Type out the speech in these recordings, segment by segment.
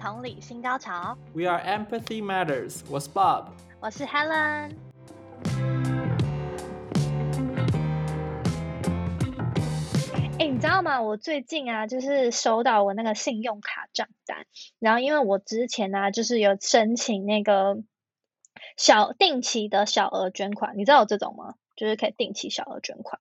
同理，漲潮中。We are empathy matters. 我是 Bob。我是 Helen。哎，你知道嗎？我最近啊，就是收到我那個信用卡賬單，然後因為我之前呢、啊，就是有申請那個小定期的小額捐款，你知道有這種嗎？就是可以定期小額捐款。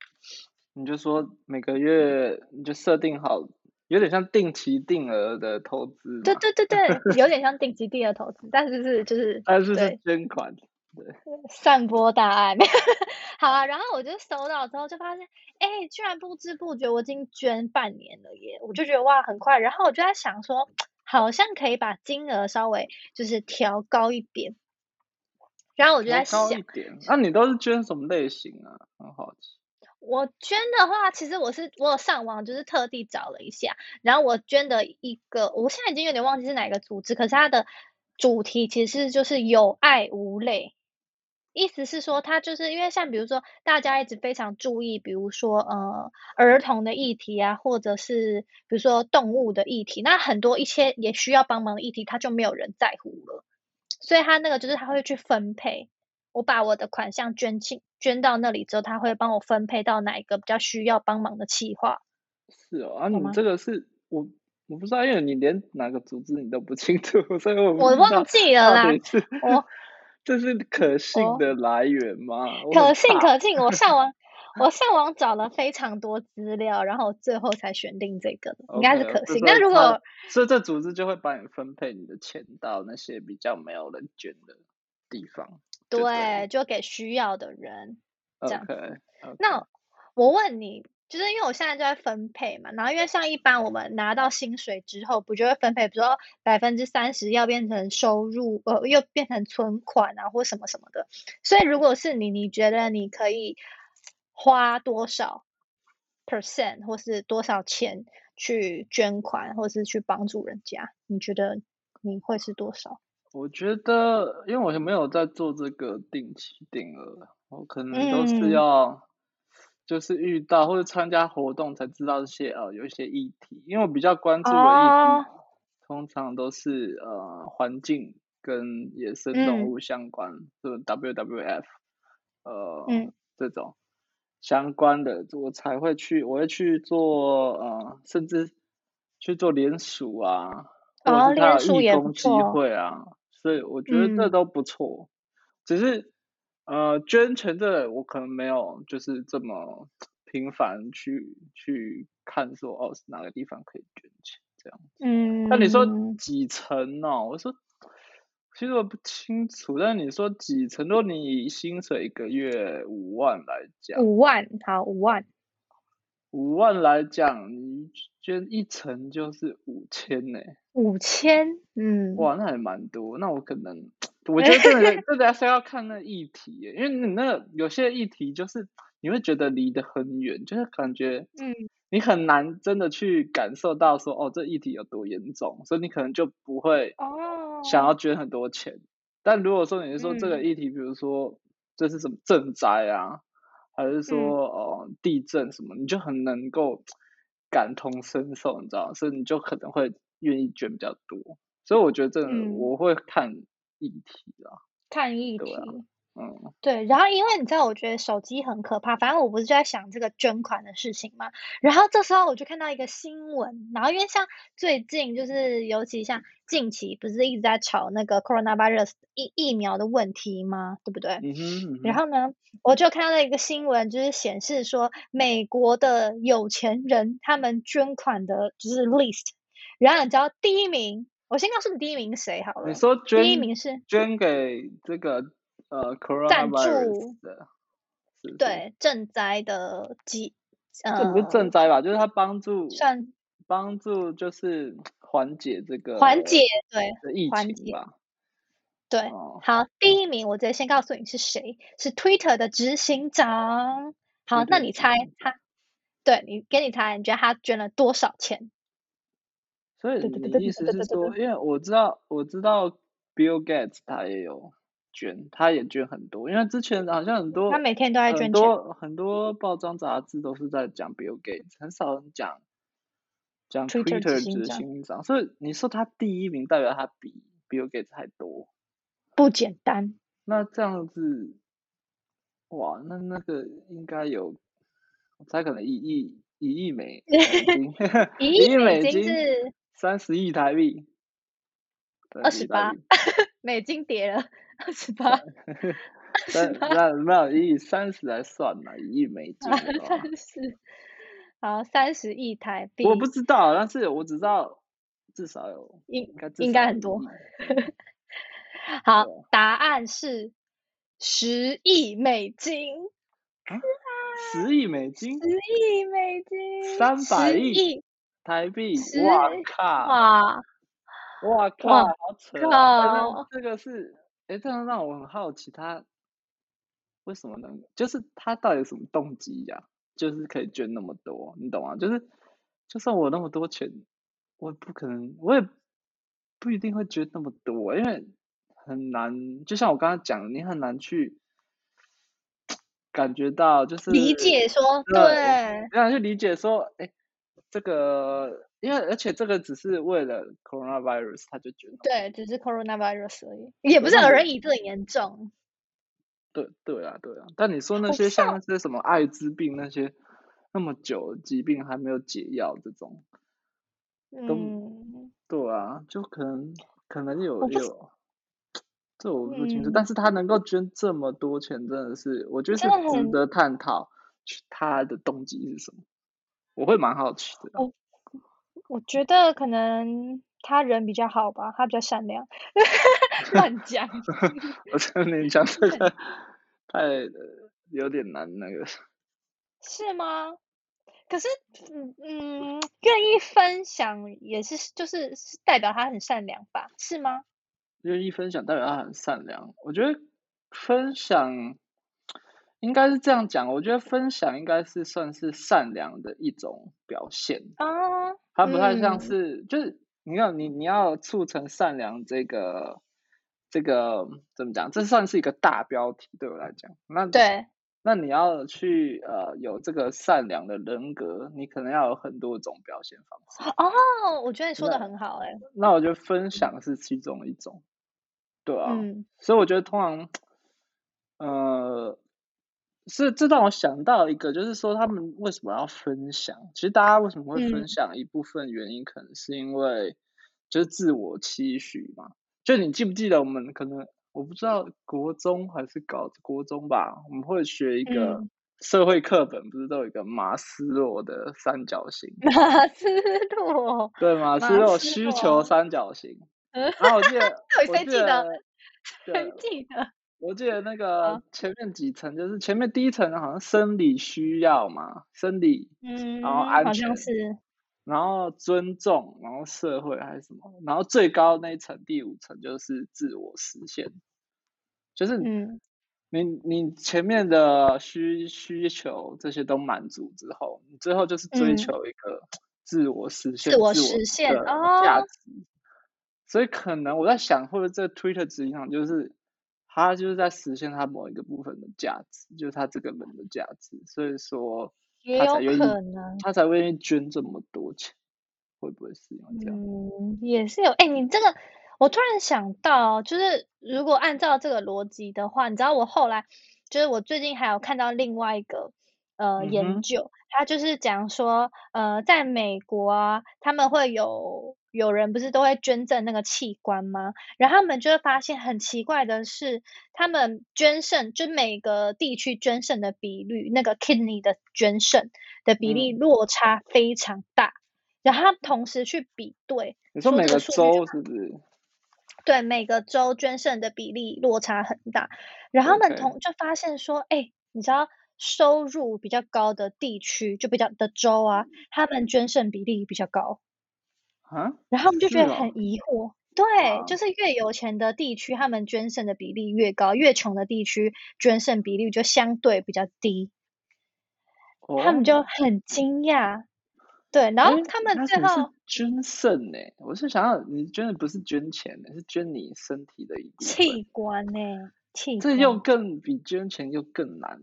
你就說每個月，你就設定好。有點像定期定額的投資，對對對對，有點像定期定額投資，但是是就是，就是、但是是捐款，對對散播大愛， 好啊。然後我就收到之後就發現，哎、欸，居然不知不覺我已經捐半年了耶，我就覺得哇很快。然後我就在想說，好像可以把金額稍微就是調高一點。然後我就在想，那、啊、你都是捐什麼類型啊？很好奇。我捐的話，其實我是我有上網就是特地找了一下，然後我捐的一個，我現在已經，有點忘記是哪個組織，可是它的主題其實就是有愛無淚，意思是說它就是因為像比如說大家一直非常注意，比如說呃兒童的議題啊，或者是比如說動物的議題，那很多一些也需要幫忙的議題，他就沒有人在乎了，所以他那個就是他會去分配，我把我的款項捐進捐到那裡之後，他會幫我分配到哪一個比較需要幫忙的企劃？是哦，啊，你這個是我我不知道，因為你連哪個組織你都不清楚，所以我我，我忘記了啦。哦，這是可信的來源嗎？哦、可信，可信。我上網，我上網找了非常多資料， 然後最後才選定這個，應該是可信。那 Okay, 如果我所以這組織就會幫你分配你的錢到那些比較沒有人捐的。地方對，就，對。就給需要的人。OK, okay. 這樣。那我問你，就是因為我現在就在分配嘛，然後因為像一般我們拿到薪水之後，不就會分配，比如說百分之三十要變成收入，呃，又變成存款啊，或什麼什麼的。所以如果是你，你覺得你可以花多少 percent，或是多少錢去捐款，或是去幫助人家？你覺得你會是多少？我覺得，因為我沒有在做這個定期定額，我可能都是要，就是遇到、嗯、或者參加活動才知道這些呃有一些議題，因為我比較關注的議題，哦、通常都是呃環境跟野生動物相關的 WWF，呃、嗯、這種相關的，我才會去，我會去做呃，甚至去做連署啊，哦、或者是他義工機會啊。所以我覺得這都不錯，嗯、只是呃，捐錢這我可能沒有就是這麼頻繁去去看，說哦是哪個地方可以捐錢這樣嗯，那你說幾成呢、哦？我說其實我不清楚，但你說幾成？若你以薪水一個月5萬五萬來講，五萬好，五萬。五萬來講，你捐一成就是五千呢。五千，嗯，哇，那還蠻多。那我可能，我覺得這個這個還是要看那議題，因為你那個、有些議題就是你會覺得離得很遠，就是感覺，嗯，你很難真的去感受到說，哦，這議題有多嚴重，所以你可能就不會哦想要捐很多錢。哦、但如果說你是說這個議題，比如說這是什麼賑災啊？嗯還是說，嗯、哦，地震什麼，你就很能夠感同身受，你知道，所以你就可能會願意捐比較多。所以我覺得這個、嗯、我會看議題啊，看議題。對，然後因為你知道，我覺得手機很可怕。反正我不是就在想這個捐款的事情嘛。然後這時候我就看到一個新聞，然後因為像最近就是尤其像近期不是一直在炒那個 coronavirus 疫疫苗的問題嗎？對不對？嗯哼。然後呢，我就看到了一個新聞，就是顯示說美國的有錢人他們捐款的，就是 list，然後你知道第一名，我先告訴你第一名誰好了。你說捐第一名是捐給這個。呃 coronavirus 的，對，賑災的基，呃，這不是賑災吧？就是他幫助，算幫助就是緩解這個緩解對緩解吧？對，好，嗯、第一名，我直接先告訴你是誰，是 Twitter 的執行長。好，嗯、那你猜他？對你，給你猜，你覺得他捐了多少錢？所以你的意思是說，因為我知道，我知道 Bill Gates 他也有。捐，他也捐錢。很多，因為之前好像很多，他每天都在捐很多很多，報章雜誌都是在講 Bill Gates，很少人講講 Twitter 的新漲上，所以你說他第一名代表他比 Bill Gates 還多，不簡單。那這樣子，哇，那那個應該有，才可能一億一億美金，一億美，美金是三十億台幣，二十八美金跌了。二十八，那那那一三十來算嘛，一億美金，三十， 好三十億台幣，我不知道，但是我只知道至少有應該至少有應該很多， 好，對答案是十億美金，十億、啊、美金，十億美金，三百億台幣，哇，靠哇靠，好扯啊，這個是。哎，這樣讓我很好奇，他為什麼能？就是他到底有什麼動機呀？就是可以捐那麼多，你懂嗎？就是就算我那麼多錢，我也不可能，我也不一定會捐那麼多，因為很難。就像我剛剛講，你很難去感覺到，就是理解說，對，很難去理解說，哎。這個，因為而且這個只是為了 coronavirus，他就覺得對，只是 coronavirus 而已。也不是很容易這麼嚴重。對對啊，對啊，但你說那些像那些什麼艾滋病那些那麼久疾病還沒有解藥這種，都嗯，對啊，就可能可能有不有，這我不清楚，嗯、但是他能夠捐這麼多錢，真的是我覺得是值得探討，他的動機是什麼。我會蠻好奇的。我我覺得可能他人比較好吧，他比較善良。亂 講。我在跟你講這個，太有點難那個。是嗎？可是，嗯嗯，願意分享也是就是、是代表他很善良吧？是嗎？願意分享代表他很善良，我覺得分享。應該是這樣講，我覺得分享應該是算是善良的一種表現啊，哦嗯、它不太像是就是你看你你要促成善良這個這個怎麼講？這算是一個大標題對我來講，那對，那你要去呃有這個善良的人格，你可能要有很多種表現方式哦。我覺得你說的很好哎、欸，那我覺得分享是其中一種，對啊。嗯、所以我覺得通常呃。是，這讓我想到一個，就是說他們為什麼要分享？其實大家為什麼會分享？一部分原因、嗯、可能是因為就是自我期許嘛。就你記不記得我們可能我不知道國中還是搞國中吧，我們會學一個社會課本，嗯、不是都有一個馬斯洛的三角形？馬斯洛對馬斯洛，馬斯洛需求三角形。然後我記得，我記得，我還 記得？對我記得那個前面幾層，就是前面第一層好像生理需要嘛，生理，嗯，然後安全，好像是，然後尊重，然後社會還是什麼，然後最高那一層第五層就是自我實現，就是，嗯，你你前面的需需求這些都滿足之後，你最後就是追求一個自我實現，嗯、自我實現哦價值，哦、所以可能我在想，或者在 Twitter 上就是。他就是在實現他某一個部分的價值，就是他這個人的價值，所以說他才願意，啊、他才願意捐這麼多錢，會不會是這樣？嗯，也是有哎、欸，你這個，我突然想到，就是如果按照這個邏輯的話，你知道我後來，就是我最近還有看到另外一個呃、嗯、哼研究，他就是講說呃，在美國啊，他們會有。有人不是都會捐贈那個器官嗎？然後他們就會發現很奇怪的是，他們捐腎，就每個地區捐腎的比率，那個 kidney 的捐腎的比例落差非常大。嗯，然後他們同時去比對，你說每個州是不是？對，每個州捐腎的比例落差很大。然後他們同 Okay. 就發現說，哎，你知道收入比較高的地區，就比較的州啊，他們捐腎比例比較高。啊，然後他們就覺得很疑惑，對，就是越有錢的地區，他們捐贈的比例越高，越窮的地區捐贈比例就相對比較低，他們就很驚訝，對，然後他們最後捐腎，哎，我是想要你捐的不是捐錢，是捐你身體的一器官，器官這又更比捐錢又更難，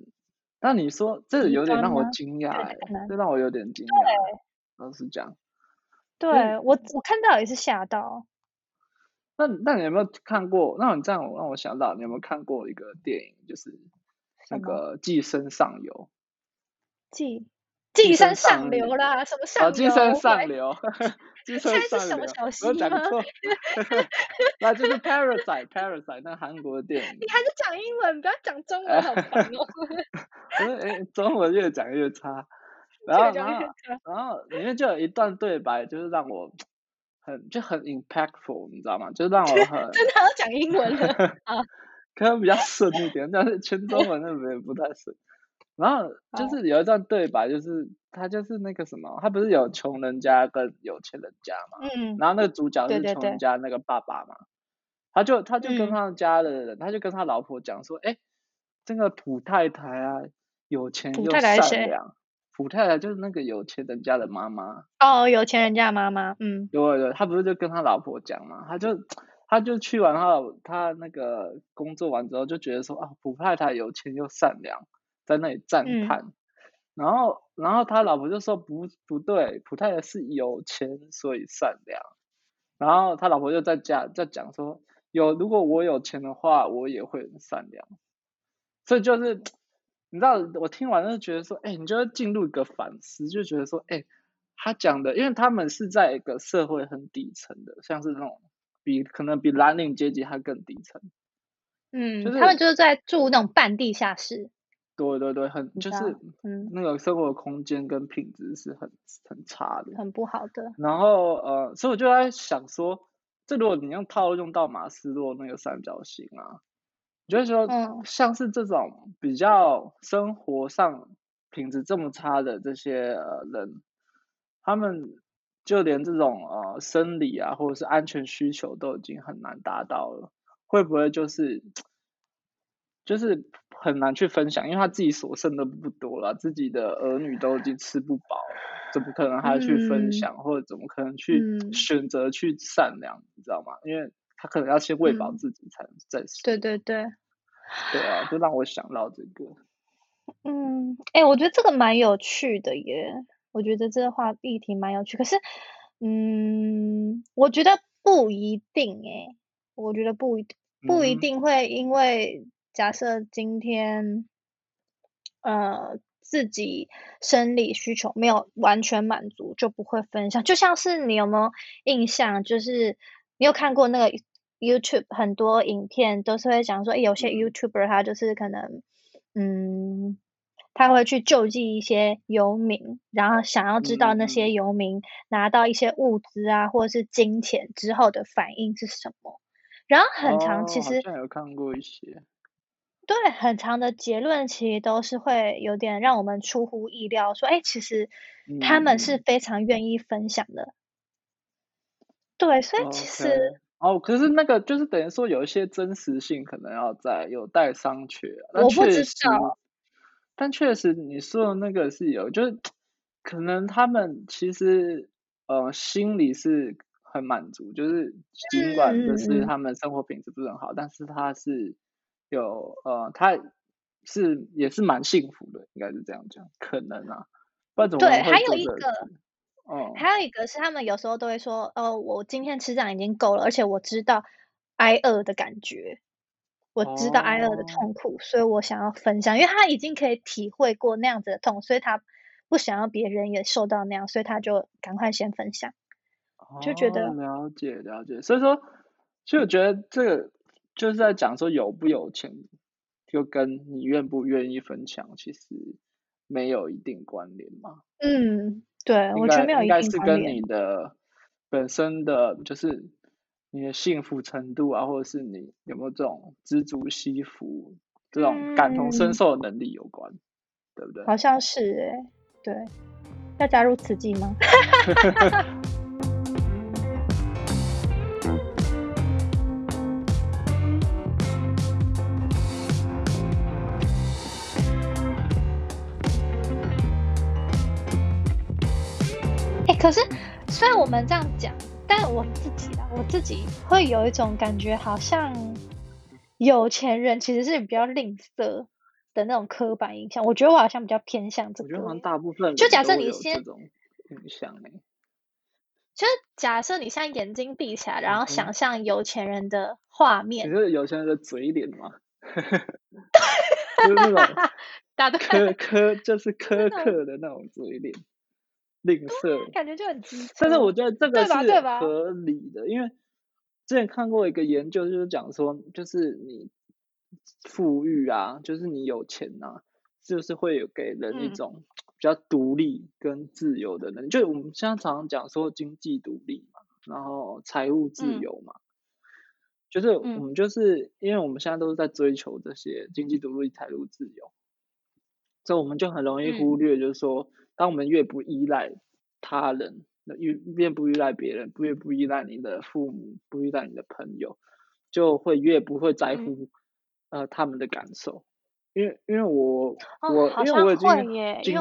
那你說這有點讓我驚訝，這讓我有點驚訝，老實講。對、嗯、我，我看到也是嚇到。那那，那你有沒有看過？那你這樣讓我想到，你有沒有看過一個電影，就是那個寄生上游是《寄生上流》？寄寄生上流啦，流什麼上流、哦？寄生上流， 寄生上流。不要講錯。 那就是《Parasite》，《Parasite》那韓國的電影。 你還是講英文，不要講中文，好朋友、哦。哎 哎，中文越講越差。然後，然後，然後裡面就有一段對白，就是讓我很就很 impactful，你知道嗎？就是讓我很 真的要講英文了 可能比較順一點，但是全中文那邊不太順。然後就是有一段對白，oh. 就是他就是那個什麼，他不是有窮人家跟有錢人家嘛？嗯，然後那個主角是窮人家那個爸爸嘛，他就他就跟他們家的人，他、嗯、就跟他老婆講說，哎、欸，這個普太太啊，有錢又善良。蒲太太就是那個有錢人家的媽媽哦，有錢人家媽媽，嗯，對，對對，他不是就跟他老婆講嘛，他就他就去完後，他那個工作完之後就覺得說啊，普太太有錢又善良，在那裡讚嘆，嗯、然後然後他老婆就說不不對，普太太是有錢所以善良，然後他老婆就在家在講說，有如果我有錢的話，我也會很善良，這就是。你知道我聽完就覺得說，哎、欸，你就會進入一個反思，就覺得說，哎、欸，他講的，因為他們是在一個社會很底層的，像是那種比可能比藍領階級還更底層。嗯，就是、他們就是在住那種半地下室。對對對，很就是，嗯，那個生活的空間跟品質是很很差的，很不好的。然後呃，所以我就在想說，這如果你用套用到馬斯洛那個三角形啊。就是說，像是這種比較生活上品質這麼差的這些、呃、人，他們就連這種呃生理啊，或者是安全需求都已經很難達到了。會不會就是就是很難去分享？因為他自己所剩的不多了，自己的兒女都已經吃不飽，怎麼可能還去分享？嗯、或者怎麼可能去選擇去善良？你知道嗎？因為。他可能要先餵飽自己，才能再、嗯、對對對，對啊，就讓我想到這個。嗯，哎、欸，我覺得這個蠻有趣的耶。我覺得這個話題題蠻有趣，可是，嗯，我覺得不一定哎、欸。我覺得不一不一定會，因為假設今天，嗯、呃，自己生理需求沒有完全滿足，就不會分享。就像是你有沒有印象，就是。你有看過那個 YouTube 很多影片，都是會講說、欸，有些 YouTuber 他就是可能，嗯，嗯，他會去救濟一些遊民，然後想要知道那些遊民拿到一些物資啊，嗯嗯或者是金錢之後的反應是什麼。然後很常，哦、其實有看過一些，對，很常的結論其實都是會有點讓我們出乎意料，說，誒、欸、其實他們是非常願意分享的。嗯嗯對，所以其實哦，okay. oh, 可是那個就是等於說有一些真實性可能要在有待商榷啊。確實啊，我不知道，但確實你說的那個是有，對就是可能他們其實呃心裡是很滿足，就是儘管就是他們生活品質不是很好，嗯、但是他是有呃他是也是蠻幸福的，應該是這樣講，可能啊，不然怎麼會、這個？對，還有一個。哦、還有一個是他們有時候都會說，哦，我今天吃這樣已經夠了，而且我知道挨餓的感覺，我知道挨餓的痛苦，哦、所以我想要分享，因為他已經可以體會過那樣子的痛，所以他不想要別人也受到那樣，所以他就趕快先分享，就覺得、哦、了解了解。所以說，就我覺得這個就是在講說有不有錢，就跟你願不願意分享其實沒有一定關聯嘛，嗯。對，該我覺得沒有一，應該是跟你的本身的就是你的幸福程度啊，或者是你有沒有這種知足惜福這種感同身受的能力有關，嗯、對不對？好像是哎、欸，對，要加入慈濟嗎？ 可是，雖然我們這樣講，但我自己啊，我自己會有一種感覺，好像有錢人其實是比較吝嗇的那種刻板印象。我覺得我好像比較偏向這種。我覺得好像大部分人都會有這種，就假設你先印象呢，就假設你現在眼睛閉起來，然後想象有錢人的畫面，你是、嗯、有錢人的嘴臉嗎？哈哈哈哈哈！苛苛 打斷 就是苛刻的那種嘴臉。吝嗇，感覺就很，但是我覺得這個是合理的，因為之前看過一個研究，就是講說，就是你富裕啊，就是你有錢啊，就是會有給人一種比較獨立跟自由的人，嗯、就是我們現在常常講說經濟獨立嘛，然後財務自由嘛，嗯、就是我們就是、嗯、因為我們現在都是在追求這些經濟獨立、財務自由，嗯、所以我們就很容易忽略，就是說。嗯當我們越不依賴他人，越越不依賴別人，越不依賴你的父母，不依賴你的朋友，就會越不會在乎、嗯、呃他們的感受，因為因為我、哦、我因為我已經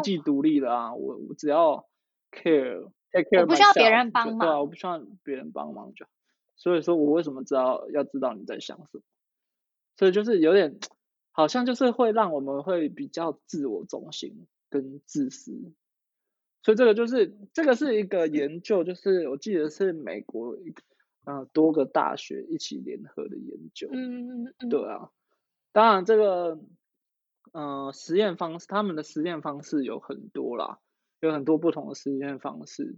經濟獨立了啊，我，我只要 care, take care myself, 不需要別人幫忙。對啊，我不需要別人幫忙，所以說我為什麼知道要，要知道你在想什麼？所以就是有點好像就是會讓我們會比較自我中心跟自私。所以這個就是這個是一個研究，就是我記得是美國一個啊、呃，多個大學一起聯合的研究。嗯嗯嗯，對啊，當然這個呃實驗方式，他們的實驗方式有很多啦，有很多不同的實驗方式。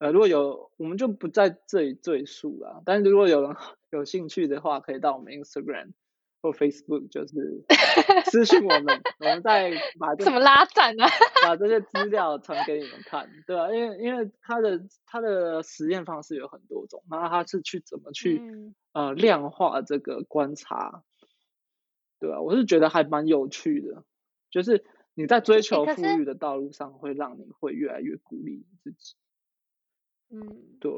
呃，如果有我們就不在這裡贅述了，但是如果有人有興趣的話，可以到我們 Instagram。或 Facebook 就是私信我們，我們在把這怎麼拉贊呢？ 把這些資料傳給你們看，對吧、啊？因為因為他的他的實驗方式有很多種，那他是去怎麼去、嗯、呃量化這個觀察？對吧、啊？我是覺得還蠻有趣的，就是你在追求富裕的道路上，會讓你會越來越鼓勵你自己。嗯，對。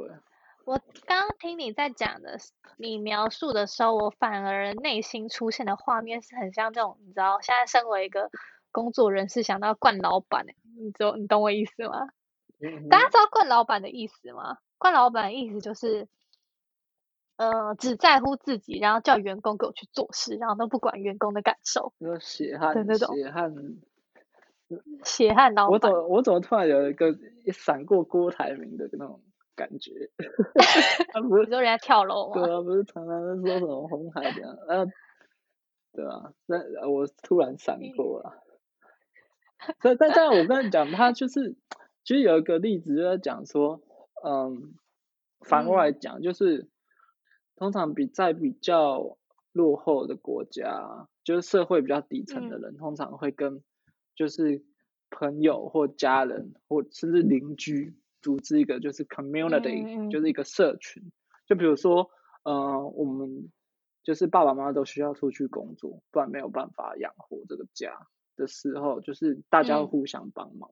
我剛剛聽你在講的，你描述的時候，我反而內心出現的畫面是很像這種，你知道？現在身為一個工作人士，想到慣老板、欸，你懂你懂我意思嗎？嗯哼。大家知道慣老板的意思嗎？慣老板的意思就是，呃，只在乎自己，然後叫員工給我去做事，然後都不管員工的感受，那，就那種血汗，血汗，血汗老板。我怎麼我怎麼突然有一個一閃過郭台銘的那種？感覺， 啊、不是你說人家跳樓？對啊，不是常常在說什麼紅海這樣、啊啊啊，那對吧？那我突然閃過了。所以，但但我跟你講，他就是其實有一個例子就在講說，嗯，反過來講，就是通常比在比較落後的國家，就是社會比較底層的人，嗯、通常會跟就是朋友或家人或甚至鄰居。嗯組織一個就是 community，嗯，就是一個社群。就比如說，呃，我們就是爸爸媽媽都需要出去工作，不然沒有辦法養活這個家的時候，就是大家互相幫忙。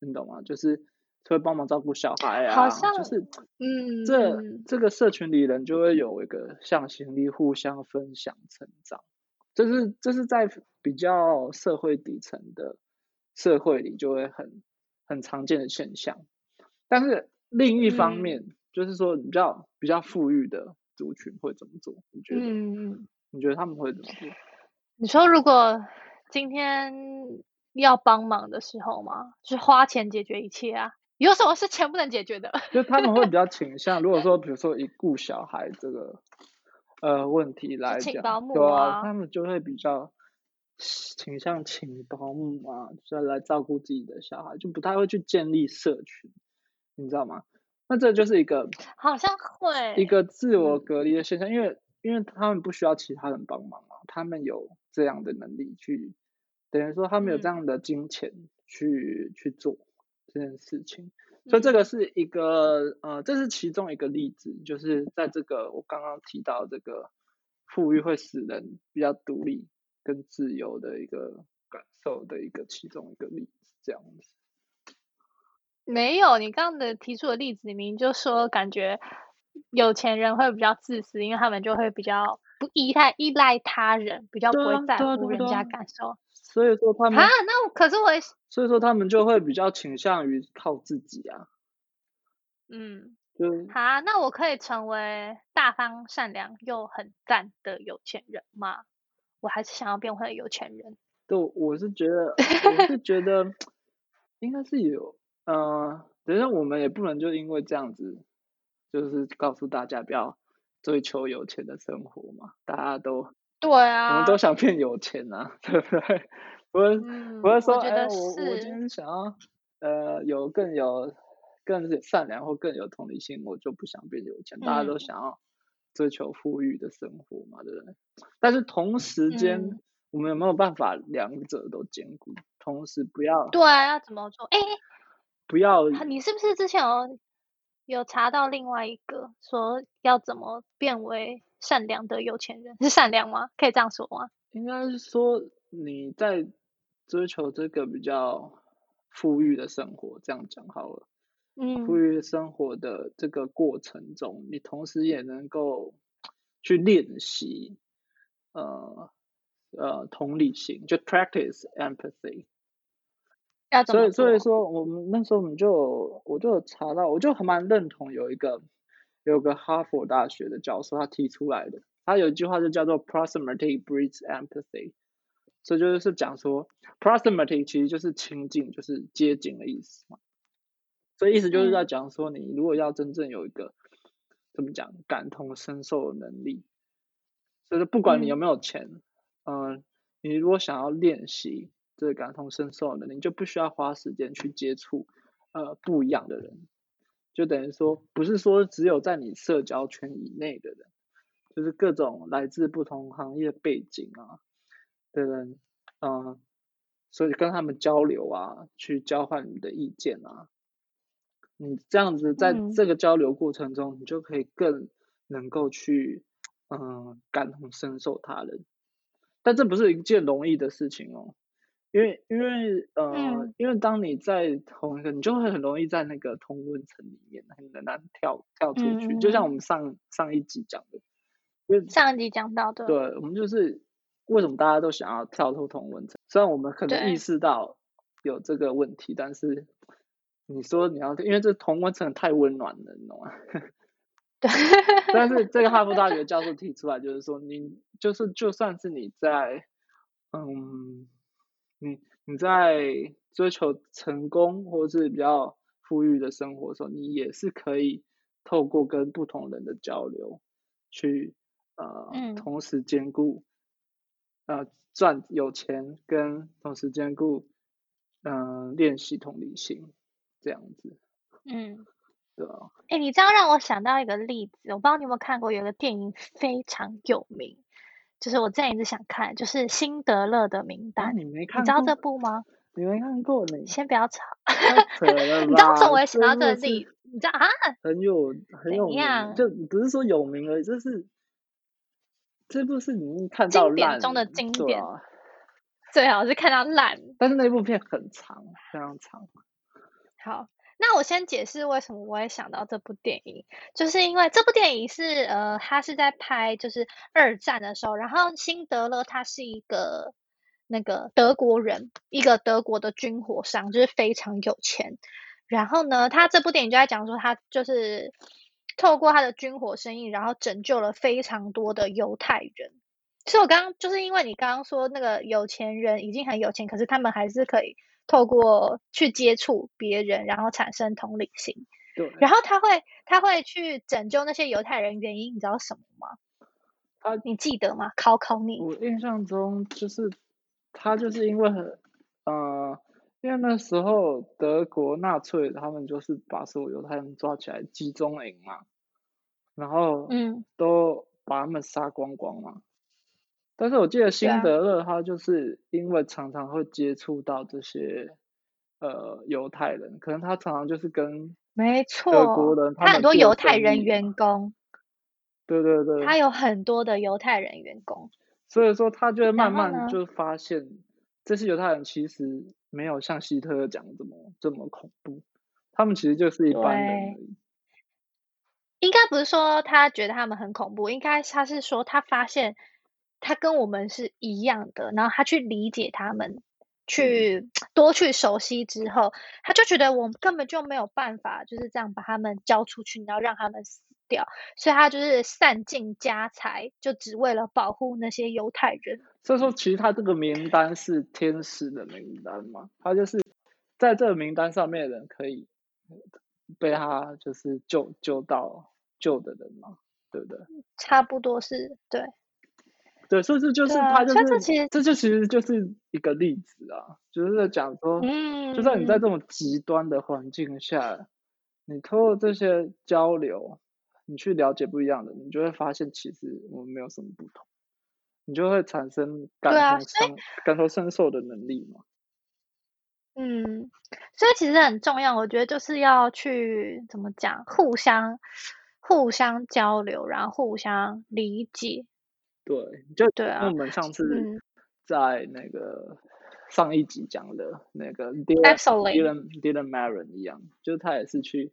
嗯、你懂嗎？就是會幫忙照顧小孩啊，好像就是嗯，這這個社群裡人就會有一個向心力，互相分享成長。這、就是這、就是在比較社會底層的社會裡，就會很很常見的現象。但是另一方面，嗯、就是說你知道比較比較富裕的族群會怎麼做？你覺得？嗯、你覺得他們會怎麼做？你說如果今天要幫忙的時候嘛，就是花錢解決一切啊？有什麼是錢不能解決的？就他們會比較傾向， 如果說比如說以顧小孩這個呃問題來講，請保姆，對啊，他們就會比較傾向請保姆啊，就是、來照顧自己的小孩，就不太會去建立社群。你知道嗎？那這就是一個好像會一個自我隔離的現象，嗯、因為因為他們不需要其他人幫忙嘛，他們有這樣的能力去，等於說他們有這樣的金錢去、嗯、去做這件事情，嗯、所以這個是一個呃，這是其中一個例子，就是在這個我剛剛提到這個富裕會使人比較獨立跟自由的一個感受的一個其中一個例子這樣子。沒有，你剛剛的提出的例子，裡面就說，感覺有錢人會比較自私，因為他們就會比較不依賴依賴他人，比較不會在乎人家感受。啊啊啊、所以說他們啊，那我可是我，所以說他們就會比較傾向於靠自己啊。嗯嗯。好就，那我可以成為大方、善良又很讚的有錢人嗎？我還是想要變回有錢人。對，我是覺得，我是覺得應該是有。 嗯，等一下，我們也不能就因為這樣子，就是告訴大家不要追求有錢的生活嘛，大家都對啊，我們都想變有錢吶、啊，對不對？不、嗯、不我是不是說哎，我我今天想要呃有更有更善良或更有同理心，我就不想變有錢，大家都想要追求富裕的生活嘛，嗯、對不對？但是同時間，嗯、我們有沒有辦法兩者都兼顧，同時不要對、啊，要怎麼做？哎、欸。不要，你是不是之前有有查到另外一個說要怎麼變為善良的有錢人？是善良嗎？可以這樣說嗎？應該是說你在追求這個比較富裕的生活，這樣講好了。嗯，富裕生活的這個過程中，你同時也能夠去練習，呃呃，同理心，就 practice empathy。所以，所以說，我們那時候我們就，我就查到，我就還蠻認同有一個，有個哈佛大學的教授他提出來的，他有一句話就叫做 “proximity breeds empathy”，所以就是講說 “proximity” 其實就是親近，就是接近的意思嘛。所以意思就是在講說，你如果要真正有一個、嗯、怎麼講感同身受的能力，所以就是不管你有沒有錢，嗯、呃，你如果想要練習。這個感同身受的人，你就不需要花時間去接觸，呃，不一樣的人，就等於說，不是說只有在你社交圈以內的人，就是各種來自不同行業背景啊的人，嗯、呃，所以跟他們交流啊，去交換你的意見啊，你這樣子在這個交流過程中，嗯、你就可以更能夠去，嗯、呃，感同身受他人，但這不是一件容易的事情哦。因為因為呃，嗯、因為當你在同一個，你就會很容易在那個同溫層裡面很難跳跳出去。嗯、就像我們上上一集講的，因為上一集講到的對，對，我們就是為什麼大家都想要跳出同溫層？雖然我們可能意識到有這個問題，對但是你說你要因為這同溫層太溫暖了，你懂嗎？ 對， 但是這個哈佛大學教授提出來就是說，你就是就算是你在嗯。你你在追求成功或是比較富裕的生活的時候，你也是可以透過跟不同人的交流去，去呃、嗯、同時兼顧呃賺有錢跟同時兼顧嗯練習同理心這樣子。嗯，對哎、欸，你這樣讓我想到一個例子，我不知道你有沒有看過，有個電影非常有名。就是我這樣一直想看，就是《辛德勒的名單》啊，你沒看過？你知道這部嗎？你沒看過你？你先不要吵。 你當時我也想到這個事情，你知道啊？很有很有名，樣就不是說有名而已，就是這部是你一看到爛，經典中的經典，最好，啊啊，是看到爛。但是那部片很長，非常長。好。那我先解釋為什麼我會想到這部電影，就是因為這部電影是呃，他是在拍就是二戰的時候，然後辛德勒他是一個那個德國人，一個德國的軍火商，就是非常有錢。然後呢，他這部電影就在講說他就是透過他的軍火生意，然後拯救了非常多的猶太人。其實我剛剛就是因為你剛剛說那個有錢人已經很有錢，可是他們還是可以。透過去接觸別人，然後產生同理心。對，然後他會，他會去拯救那些猶太人，原因你知道什麼嗎？啊他，你記得嗎？考考你。我印象中就是他就是因為很，呃，因為那時候德國納粹他們就是把所有猶太人抓起來集中營嘛，然後嗯，都把他們殺光光嘛。嗯但是我記得辛德勒他就是因為常常會接觸到這些、啊、呃猶太人，可能他常常就是跟國人沒錯，他很多猶太人員工，對對對，他有很多的猶太人員工，所以說他就會慢慢就發現這些猶太人其實沒有像希特勒講的這麼這麼恐怖，他們其實就是一般人而已，應該不是說他覺得他們很恐怖，應該他是說他發現。他跟我們是一樣的，然後他去理解他們，去多去熟悉之後，嗯、他就覺得我們根本就沒有辦法就是這樣把他們交出去，然後讓他們死掉，所以他就是散盡家財，就只為了保護那些猶太人。所以說，其實他這個名單是天使的名單嘛，他就是在這個名單上面的人可以被他就是救救到救的人嘛，對不對？差不多是，對。對，所以這就是他就是，其實這就其實就是一個例子啊，就是在講說，嗯、就算你在這種極端的環境下，你通過這些交流，你去了解不一樣的，你就會發現其實我們沒有什麼不同，你就會產生感同身對、啊、所以感同身受的能力嘛。嗯，所以其實很重要，我覺得就是要去怎麼講，互相互相交流，然後互相理解。對，就對啊。我們上次在那個，上一集講的那個 Dylan Dylan Dylan, Absolutely. Dylan, Dylan Marron 一樣，就他也是去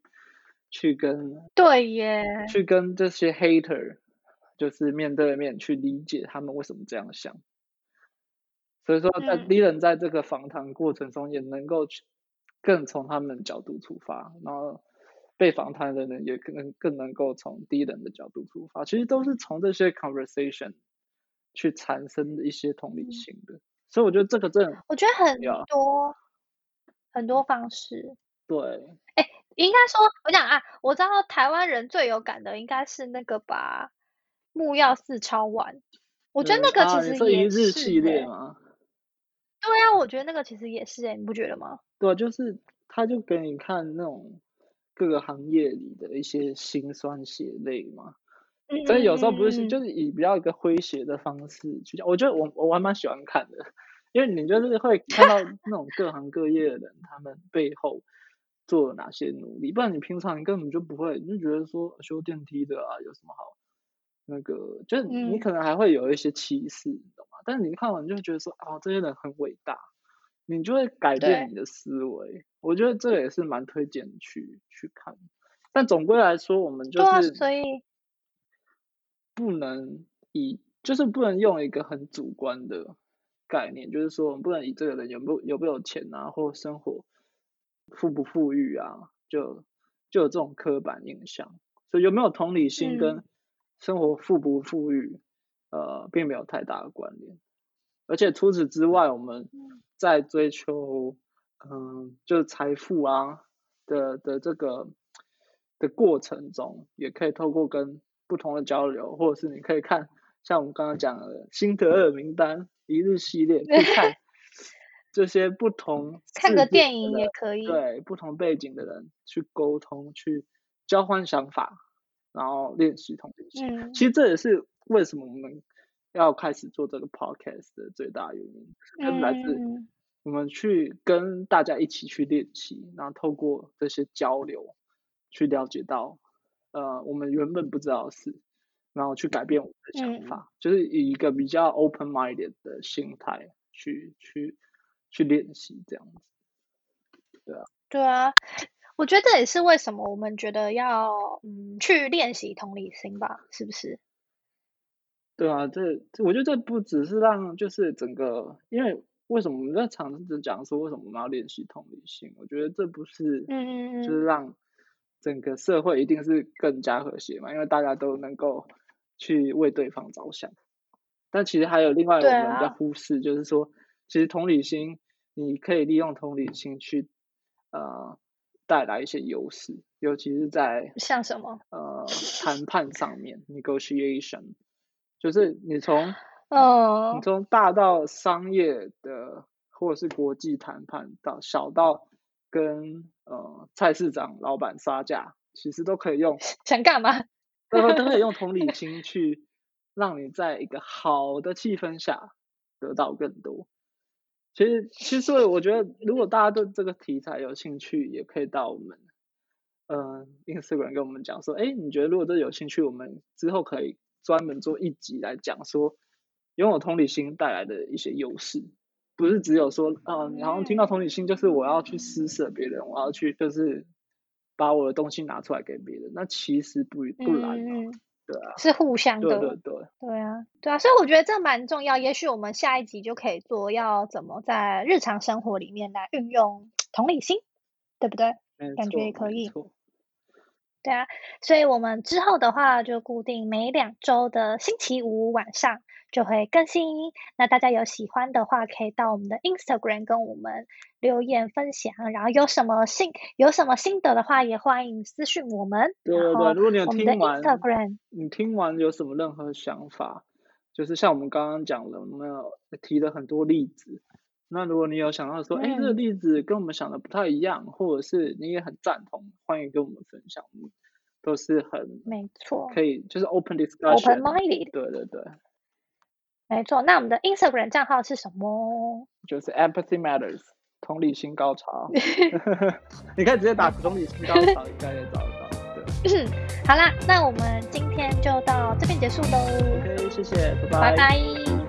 去跟，對耶，去跟這些 hater 就是面對面去理解他們為什麼這樣想。所以說，在 Dylan 在這個訪談過程中也能夠更從他們的角度出發，然後。被訪談的人也可能更能夠從低等的角度出發，其實都是從這些 conversation 去產生一些同理心的。所以我覺得這個真的，我覺得很多很多方式。對，哎、欸，應該說我講啊，我知道台灣人最有感的應該是那個吧，《木曜四超玩》對，我覺得那個其實是、欸嗯啊、一日系列是。對啊，我覺得那個其實也是哎、欸，你不覺得嗎？對，就是他就給你看那種。各個行業裡的一些辛酸血淚嘛，所以有時候不是就是以比較一個詼諧的方式去講，我覺得我我還蠻喜歡看的，因為你就是會看到那種各行各業的人他們背後做了哪些努力，不然你平常你根本就不會，你就覺得說修電梯的啊有什麼好？那個就是你可能還會有一些歧視，你懂嗎？但是你看完就會覺得說啊、哦，這些人很偉大。你就會改變你的思維，對我覺得這也是蠻推薦去去看。但總歸來說，我們就是所以不能以，以就是不能用一個很主觀的概念，就是說我們不能以這個人有不有，有沒有錢啊，或生活富不富裕啊，就就有這種刻板印象。所以有沒有同理心跟生活富不富裕，嗯，呃，並沒有太大的關聯。而且除此之外，我們在追求，嗯，就是財富啊的的這個的過程中，也可以透過跟不同的交流，或者是你可以看，像我們剛剛講的《辛德勒名單》，嗯，《一日系列》，去看這些不同， 看個電影也可以，對，不同背景的人去溝通，去交換想法，然後練習同理心。嗯、其實這也是為什麼我們要開始做這個 podcast 的最大原因，跟來自我們去跟大家一起去練習，然後透過這些交流，去了解到，呃，我們原本不知道的事，然後去改變我們的想法，嗯、就是以一個比較 open minded 的心態去去去練習這樣子。對啊，對啊，我覺得這也是為什麼我們覺得要嗯去練習同理心吧，是不是？對啊，這我覺得這不只是讓就是整個，因為為什麼我們在常常直講說為什麼我們要練習同理心？我覺得這不是，嗯嗯嗯，就是讓整個社會一定是更加和諧嘛，因為大家都能夠去為對方着想。但其實還有另外一個人在忽視，啊、就是說，其實同理心，你可以利用同理心去呃帶來一些優勢，尤其是在像什麼呃談判上面 ，negotiation。就是你從，哦，oh. 你從大到商業的，或者是國際談判到小到跟呃菜市場老板殺價，其實都可以用。想幹嘛？都可以用同理心去讓你在一個好的氣氛下得到更多。其實，其實我覺得，如果大家對這個題材有興趣，也可以到我們，嗯、呃，Instagram 跟我們講說，哎、欸，你覺得如果這有興趣，我們之後可以。專門做一集來講說，擁有同理心帶來的一些優勢，不是只有說，嗯、啊，然後聽到同理心就是我要去施捨別人，嗯、我要去就是把我的東西拿出來給別人，那其實不不然，嗯、對啊，是互相的，對對對、對、啊，對啊，對啊，所以我覺得這蠻重要，也許我們下一集就可以做，要怎麼在日常生活裡面來運用同理心，對不對？沒錯，感覺也可以。沒對啊，所以我們之後的話就固定每兩週的星期五晚上就會更新。那大家有喜歡的話，可以到我們的 Instagram 跟我們留言分享。然後有什麼心有什麼心得的話，也歡迎私訊我們。對對對，Instagram, 如果你有聽完，你聽完有什麼任何想法，就是像我們剛剛講了，我們有提了很多例子。那如果你有想到說，哎、欸，這個例子跟我們想的不太一樣，嗯、或者是你也很贊同，歡迎跟我們分享，都是很，沒錯，可以，就是 open discussion，open minded，對對對，沒錯。那我們的 Instagram 賬號是什麼？就是 Empathy Matters，同理心高潮。 你可以直接打同理心高潮，應該也找得到、嗯。好啦，那我們今天就到這邊結束嘍。OK，謝謝，拜。拜拜。Bye bye。